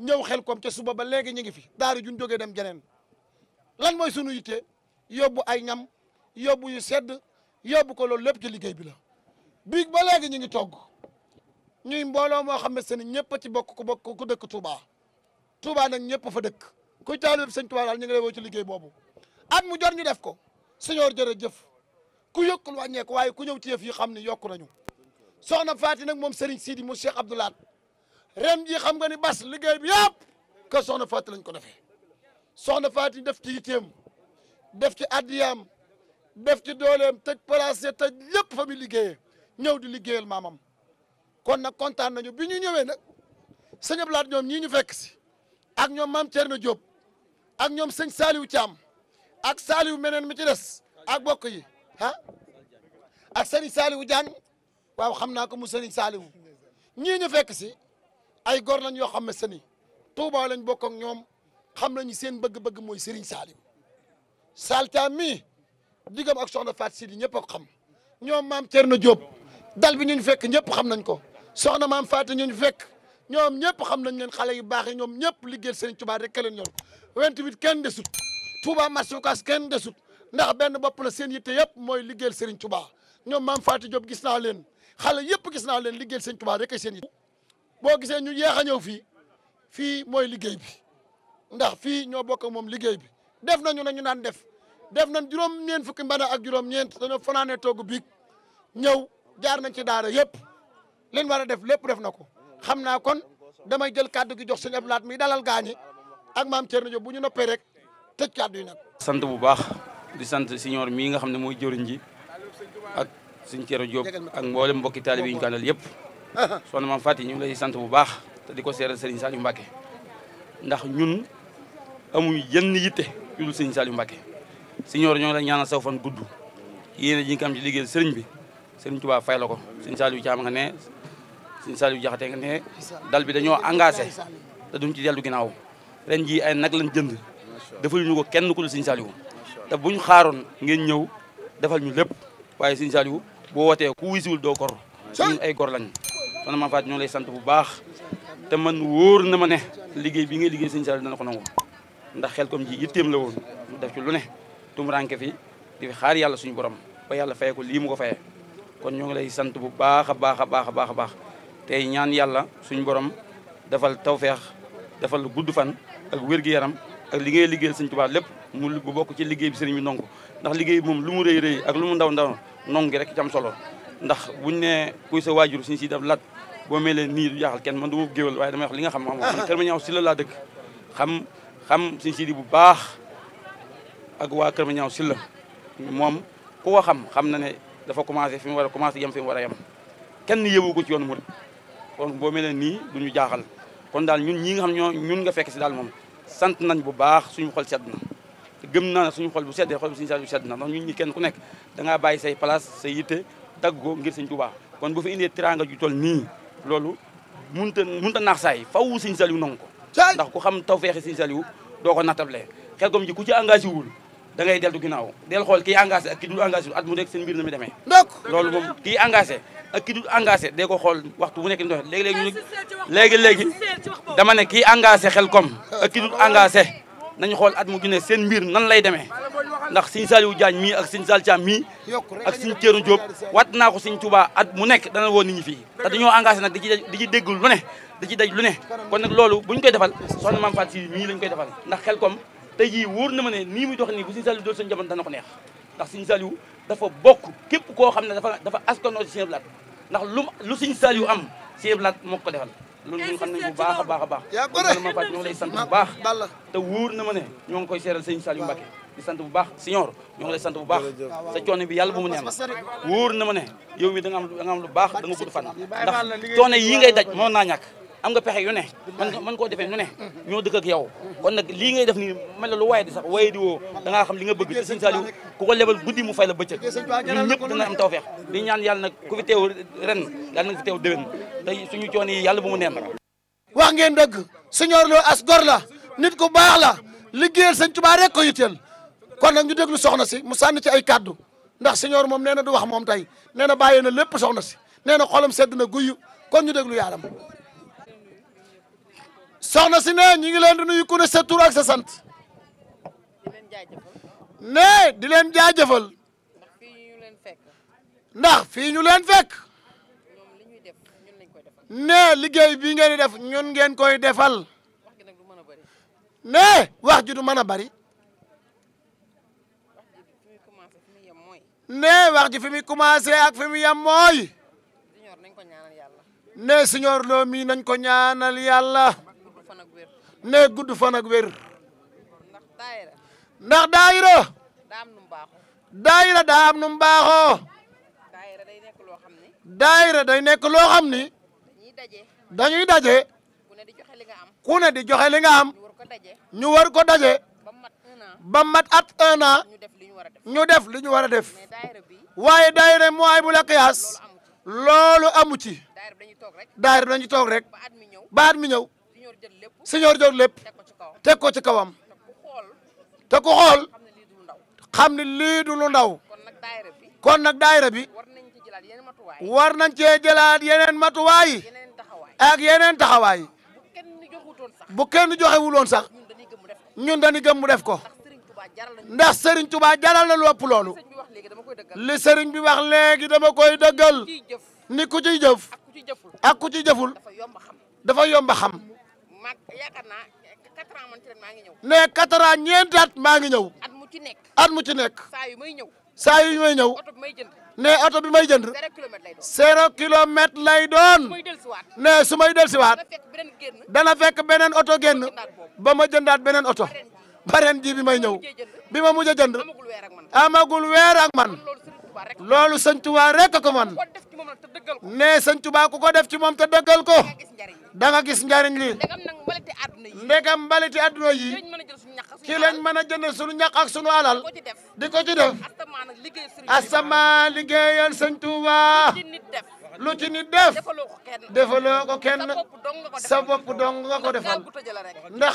ñëw xel kom ca suba ba léegi ñu ngi fi daari juñ jógee dem jeneen lan mooy sunu yitte yóbbu ay ñam yóbbu yu sedd yóbbu ko loolu lépp ci liggéey bi la biig ba léegi ñu ngi togg ñuy mbooloo moo xam ne seen ñëpp ci bokk ko bokk ku dëkk Touba Touba nag ñëpp fa dëkk kuy taalib sëñ Touba daal ñu ngi lay woo ci liggéey boobu at mu jor ñu def ko señor jërëjëf ku yokkul wàññeeku waaye ku ñëw ci yëf yi xam ne yokk nañu soxna Faati nag moom Serigne Sidi mu Cheikh Abdoulaat ren ji xam nga ni bas liggéey bi yëpp kër soxna Fatou lañ ko defee soxna Fatou def ci yitteem def ci addiyaam def ci dooleem tëj place tëj lépp fa muy liggéeyee ñëw di liggéeyal maamam kon nag kontaan nañu bi ñu ñëwee nag sëñ Ablaat ñoom ñii ñu fekk si ak ñoom maam Thierno Diop ak ñoom sëñ Saliou Thiam ak Saliou meneen mi ci des ak bokk yi ah ak sëriñ Saliou Diagne waaw xam naa ko mu sëriñ Saliou ñii ñu fekk si. ay gor lañ yoo xam ne seni Touba lañ bokk ak ñoom xam nañu seen bëgg-bëgg mooy Serigne Saliou Salta mii diggam ak soxna Fatou Sidi ñëpp a xam ñoom maam Thierno Diop dal bi ñu ñu fekk ñëpp xam nañ ko soxna maam Fatou ñu ñu fekk ñoom ñëpp xam nañ leen xale yu baax yi ñoom ñëpp liggéeyal Serigne Touba rek ka leen ñor 28 kenn desut Touba kenn desut ndax benn bopp la seen yitte yëpp mooy liggéeyal Serigne Touba ñoom maam Fatou Diop gis naa leen xale yëpp gis naa leen liggéeyal Serigne Touba rek seen yitte boo gisee ñu yeex a ñëw fii fii mooy liggéey bi ndax fii ñoo bokk moom liggéey bi def nañu ñu naan def def nañ juróom-ñeent fukki mbana ak juróom-ñeent dañoo fanaanee togg biig ñëw jaar nañ ci daara yëpp leen war a def lépp def na ko xam naa kon damay jël kàddu gi jox sëñ Abdou Lahat mi dalal gaañi ak maam Thierno Diop bu ñu noppee rek tëj kàddu yi nag. sant bu baax di sant siñoor mii nga xam ne mooy jëriñ ji ak sëñ Thierno Diop ak mboolem mbokki taalibe yi ñu ko yëpp. soxna maam Faty ñu ngi lay sant bu baax te di ko seeral Serigne Saliou Mbacké ndax ñun amuñ yenn yitte yu dul Serigne Saliou Mbacké siñoor ñoo ngi lay ñaanal saw fan gudd yéen ji jikkam am liggéey sëriñ bi Serigne Touba fay la ko Serigne Saliou Thiam nga ne Serigne Saliou Jaxate nga ne dal bi dañoo engagé te duñ ci dellu ginnaaw ren jii ay nag lañ jënd defal ko kenn ku dul Serigne Saliou te buñ xaaroon ngeen ñëw defal ñu lépp waaye Serigne Saliou boo wootee ku wisiwul doo ay gor lañ soxna Mame Faty ñoo lay sant bu baax te man wóor na ma ne liggéey bi nga liggéey siñ Saliou dana ko nangu ndax xel comme ji yitteem la woon mu def ci lu ne tumuraanke fi di fi xaar yàlla suñu borom ba yàlla faye ko lii mu ko fayee kon ñoo ngi lay sant bu baax a baax a baax a baax a baax tey ñaan yàlla suñu borom defal tawfeex defal gudd fan ak wér-gu-yaram ak li ngay liggéeyal sëñ lépp mu bu bokk ci liggéey bi sëriñ bi nongu ndax liggéey bi moom lu mu rëy ak lu mu ndaw ndaw nong gi rek ci solo ndax buñ ne kuy sa waajur suñu si def lat boo melee nii du jaaxal kenn man du ma géwal waaye damay wax li nga xam xam man kër ma ñaaw si la laa dëkk xam xam si di bu baax ak waa kër ma ñaaw si la moom ku xam xam na ne dafa commencé fi mu war a commencé yam fi war a yem kenn yëwu ko ci yoon murid kon boo melee nii du ñu jaaxal kon daal ñun ñi nga xam ñoo ñun nga fekk si daal moom sant nañ bu baax suñu xol sedd na gëm naa ne suñu xol bu seddee xol bu suñu sedd sedd na ndax ñun ñi kenn ku nekk da ngaa bàyyi say place say yitte dagg ko ngir sëñ Tuubaa kon bu fi indee teraanga ju tol nii loolu munta munta naax saay faw sëñ Saliou nangu ko ndax ku xam taw tawfeexi sëñ Saliou doo ko natable xel kom ji ku ci engagé wul da ngay dellu ginnaaw del xool kii engagé ak ki dul engagé at mu nekk seen mbir na mi demee ndok loolu moom kii engagé ak engagé dee ko xool waxtu bu nekk ndox léegi-léegi léegi-léegi dama ne kii engagé xel kom ak ki dul engagé xool at mu junne seen mbir nan lay demee ndax sëñ Saliou Diagne mii ak sëñ Saliou Thiam mii ak sëñ Thierno Diop wat naa ko siñ Touba at mu nekk dana woon nit ñi fii te dañoo engagé nag di ci di ci dégg lu ci daj lu ne kon nag loolu koy defal soxna Mame Fatou Sy lañ koy defal ndax xel kom tey jii wóor na ma ne nii muy dox nii bu sëñ Saliou doon seen jamono dana ko neex ndax sëñ Saliou dafa bokk képp koo xam ne dafa dafa askanoo ci sëñ ndax lu lu sëñ Saliou am sëñ Blaat moo ko defal loolu ñun xam nañ bu baax a baax a baax Mame Fatou ñoo ngi lay sant bu baax te wóor na ma ne ñoo ngi koy seeral sëñ Saliou Mbacké di sant bu baax siñoor ñoo ngi lay sant bu baax sa coono bi yàlla bu mu neen wóor na ma ne yow mi da nga am da nga am lu baax da nga gudd fan ndax coono yii ngay daj mënoon naa ñàkk am nga pexe yu ne mën mën koo defee ne ñoo dëkk ak yow kon nag lii ngay def nii mel lu waaye di sax waaye di woo da ngaa xam li nga bëgg te sëñ Saliou ku ko lebal guddi mu fay la bëccëg ñun ñëpp dana am tawfeex di ñaan yàlla nag ku fi teew ren yàlla na fi teew déwén te suñu coono yi yàlla bu mu neen wax ngeen kon nag ñu déglu soxna si mu sànni ci ay kàddu ndax señor moom nee na du wax moom tey nee na bàyyee na lépp soxna si nee na xolam sedd na guyu kon ñu déglu yaaram si ne ñu ngi leen di nuyu ku sa tur sa sant ne di leen jaajëfal ndax fii ñu leen fekk ne liggéey bii ngeen def ñun ngeen koy defal ne wax ji du mën a bari ne wax ji fi mu commencé ak fi mu yem mooy ne siñoor loo mii nañ ko ñaanal yàlla ne gudd fan ak wér ndax daayira daayira daa am nu mu baaxoo daayira day nekk loo xam ni dañuy daje ku ne di joxe li nga am ñu war ko daje ba mat at un an ñu def li ñu war a def waaye daayira mooy bu la qiyaas loolu amu ci da dañu toog rek ba at mi ñëw señor jot lépp teg ko ci kawam te ku xool xam ne lii du lu ndaw kon nag daayira bi war nañ cee jëlaat yeneen matuwaay ak yeneen taxawaay bu kenn joxewuloon sax ñun dañu gëm mu def ko ndax sëriñ Touba jaral na lu ëpp loolu li sëriñ bi wax léegi dama koy dëggal ni ku ciy jëf ak ku ciy jëful dafa yomba xam ne quatre ans ñeenti at maa ngi ñëw at mu ci nekk saa yu may ñëw ne oto bi may jënd zéro kilomètre lay doon ne su may dellusiwaat dana fekk beneen oto génn ba ma jëndaat beneen oto ba ren bi may ñëw bi ma mujj a jënd amagul weer ak man loolu sëñ Tuubaa rek ko man ne sëñ Tuubaa ku ko def ci moom te dëggal ko da nga gis njariñ li ndegam mbaliti adduna yi ki lañ mën a jënd suñu ñaq ak suñu alal di ko ci def asama liggéeyal sëñ Tuuba lu ci nit def defaloo ko kenn sa bopp dong nga ko defal ndax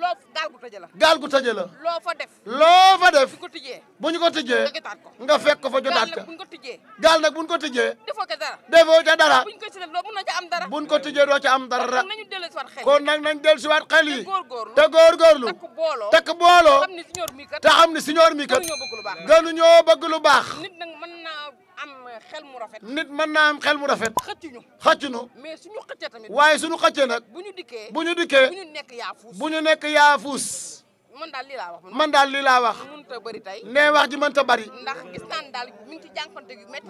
loo gaal gu tëjee la. gaal gu tëjee la. loo fa def. loo fa def. bu ñu ko tijjee. bu ñu ko nga jotaat ko. nga fekk ko fa jotaat ko gaal nag bu ñu ko tijjee. gaal nag ko tijjee. defoo ko dara. defoo ca dara. doo mën na am dara. bu ko tijjee doo ca am dara. kon nag nañu dellusiwaat xel yi kon nag nañu dellusiwaat xel yi. te góorgóorlu te góorgóorlu. takk booloo takk booloo. te xam ne siñoor mi kat. te xam ne siñoor mi kat. gënuñoo bëgg baax xel mu rafet nit mën naa am xel mu rafet xëccuñu xëccuñu mais suñu xëccee tamit waaye suñu xëccee nag bu ñu dikkee bu ñu dikkee bu ñu nekk yaafuus bu ñu nekk yaafuus man daal lii wax man daal lii laa wax. mënut tey. nee wax ji mënut a bëri. ndax gis naa ni daal mi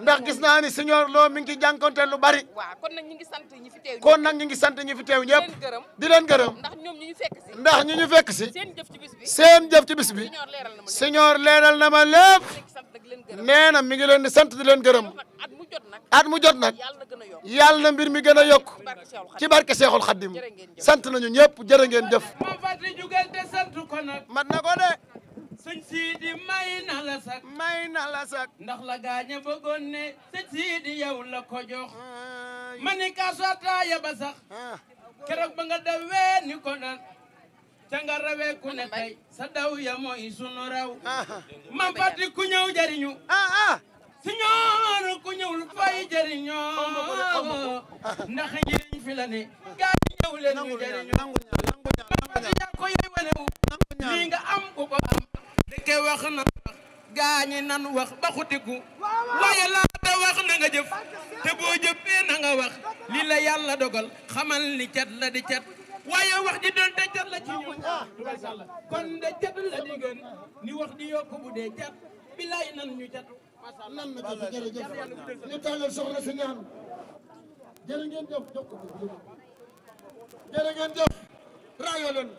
ndax gis naa ni seigneur loo mi ngi ci jànkonte lu bëri. waaw kon nag ñu ngi sant ñi fi teew. kon nag ñu ngi sant ñi fi teew ñëpp. di leen gërëm di leen gërëm. ndax ñoom ñu fekk si. ndax ñu ñu fekk si. seen jëf ci bis bi seen jëf ci bis bi. seigneur leeral na ma lépp. nee na mi ngi leen sant di leen gërëm at mu jot nag yàlla na mbir mi gën a yokk ci barke Seexul Xaddim sant nañu ñëpp jërë ngeen jëf. moom fàttali jugal te sant ko nag. mat na ko de. sëñ Sidi may na la sax. may na la sax. ndax la gaaña bëggoon ne sëñ Sidi yow la ko jox. ma ni kaasu ataaya ba sax. keroog ba nga dawee ni ko nan. ca nga rawee ku ne tey sa daw ya mooy sunu raw. man fàttali ku ñëw jariñu. ah ah. si ñoonu ko ñëwul fay jëriñoo ndax njëriñ fi la ne gaa yi ñëw leen ñu jëriñoo yaa ko yeewale wu lii nga am ku ko am dëkke wax na gaa ñi nan wax ba xutiku waaye laata wax na nga jëf te boo jëfee na nga wax li la yàlla dogal xamal ni cat la di cat waaye wax ji doon te cat la ci ñun kon de cat la di gën ni wax di yokk bu dee cat bilaay nan ñu cat nan na jëf jërëjëf ñu tàllal soxna si ñaan jërë ngeen jëf jokk jërë ngeen jëf rayo leen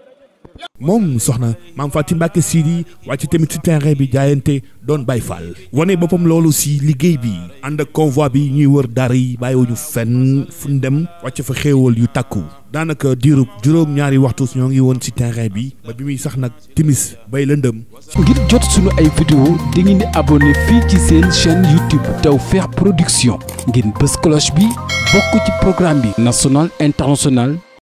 moom soxna maam Fatou Mbacké Sidi wàcc tamit ci terrain bi jaayante doon bay Fall wane boppam loolu si liggéey bi ànd ak convoi bi ñuy wër dara yi bàyyiwuñu fenn fu ñu dem wàcc fa xéewal yu takku daanaka diirub juróom ñaari waxtu ñoo ngi woon ci terrain bi ba bi muy sax nag timis bay lëndëm ngir jot suñu ay vidéo di ngeen di abonné fii ci seen chaîne YouTube Tawfekh Production ngeen bës cloche bi bokk ci programme bi national international